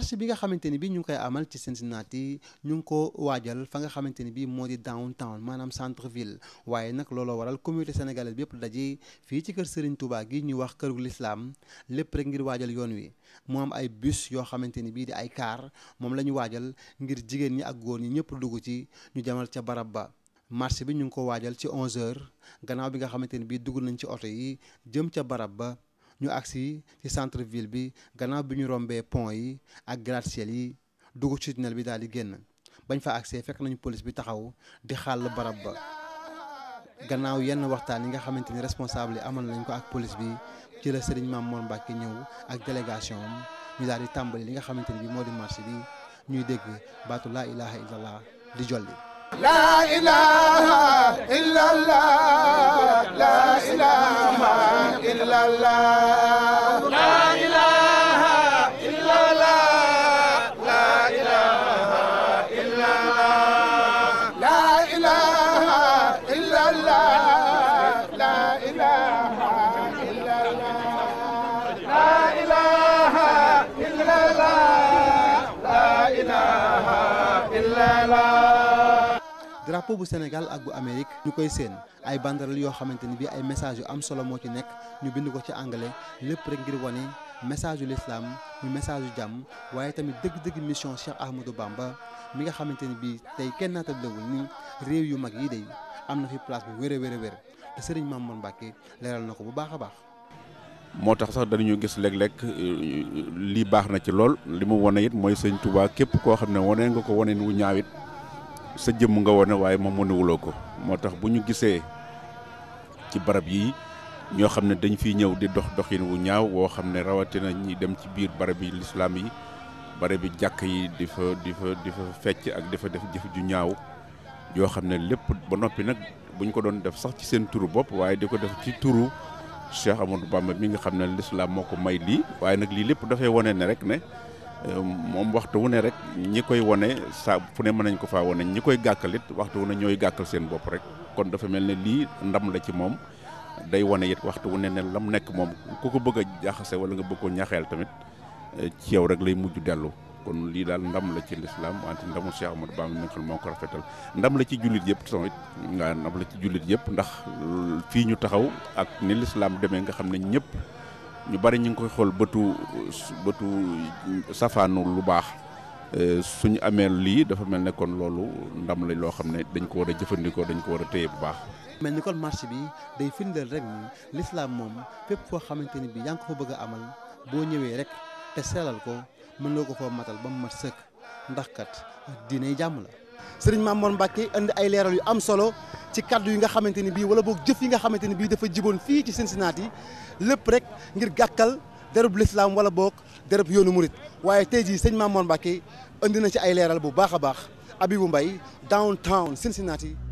marche bi nga xamante ni bii ñu ngi koy amal ci Cincinnati ñu ngi ko waajal fa nga xamante ni bii moo di downtown maanaam centre ville waaye nag looloo waral communauté sénégalaise bi yëpp dajee fii ci kër Serigne Touba gi ñu wax këru lislaam lépp rek ngir waajal yoon wi mu am ay bus yoo xamante ni bii di ay car moom la ñu waajal ngir jigéen ñi ak góor ñi ñëpp dugg ci ñu jamal ca barab ba. marche bi ñu ngi ko waajal ci 11h gannaaw bi nga xamante ni bii dugg nañ ci oto yi jëm ca barab ba. ñu agsi ci centre ville bi gannaaw bi ñu rombee pont yi ak gratte-ciel yi dugub ci tunnel bi daal di génn bañ fa agsee fekk nañu police bi taxaw di xàll barab ba gannaaw yenn waxtaan yi nga xamante ni responsable yi amal nañ ko ak police bi ci la Serigne Mamour Mbacke ñëw ak délégation am ñu daal di tàmbali li nga xamante ni bi moo di marché bi ñuy dégg baatu laa ilaha illallah di jolli laa ilaha la drapeau bu Sénégal ak bu Amérique ñu koy seen ay banderole yoo xamante ni bi ay message yu am solo moo ci nekk ñu bind ko ci anglais lépp rek ngir wane message yu l'islam ñu message yu jàmm waaye tamit dëgg-dëgg mission Cheikh Ahmadou Bamba mi nga xamante ni bi tey kenn naatablewul ni réew yu mag yi day am na fi place bu wér a wér a wér te sëriñ Mamour Mbacke leeral na ko bu baax a baax moo tax sax dañu gis léeg-léeg euh, lii baax na ci lool li mu wane it mooy sëñ Touba képp koo xam ne wane nga ko wane wu ñaawit sa jëmm nga wone waaye moom wonewuloo ko moo tax bu ñu gisee ci barab yi ñoo xam ne dañ fiy ñëw di dox doxin wu ñaaw woo xam ne rawatina ñi dem ci biir barab yi lislaam yi barab yi jàkk yi di fa di fa di fa fecc ak di fa def jëf ju ñaaw yoo xam ne lépp ba noppi nag buñ ko doon def sax ci seen turu bopp waaye di ko def ci turu Cheikh Amadou Bamba mi nga xam ne lislaam moo ko may lii waaye nag lii lépp dafay wone ne rek ne Euh, moom waxtu wu ne rek ñi koy wane saa fu ne mën nañ ko faa wane ñi koy gàkkalit waxtu wu ne ñooy gàkkal seen bopp rek kon dafa mel ne lii ndam la ci moom day wone it waxtu wu ne ne lam nekk moom ku ko bëgg a jaxase wala nga bëgg ko ñaxeel tamit euh, ci rek lay mujj dellu kon lii daal ndam la ci lislaam wante ndamu Cheikh Ahmadou Bamba mi nga xam moo ko rafetal ndam la ci jullit yëpp tamit nga ndam la ci jullit yëpp ndax fii ñu taxaw ak ni lislaam demee nga xam ne ñëpp ñu bari ñu ngi koy xool bëtu bëtu safaanu lu baax euh, suñu amee lii dafa mel ne kon loolu ndam lañ loo xam ne dañ ko war a jëfandikoo dañ ko war a téye bu baax. mel ni kon marché bi day firndeel rek ni lislaam moom fépp foo xamante ni bi yaa ngi ko bëgg amal boo ñëwee rek te seelal ko mën loo ko foo matal ba mu mat sëkk ndax kat diine jàmm la. sëriñ Mamour Mbacke indi ay leeral yu am solo ci kaddu yi nga xamante ni bii wala boog jëf yi nga xamante ni bii dafa jiboon fii ci Cincinnati yi lépp rek ngir gàkkal derub lislaam wala boog derub yoonu murit waaye tey jii sëñ Mamour Mbacke indi na ci ay leeral bu baax a baax Abibou Mbaye downtown Cincinnati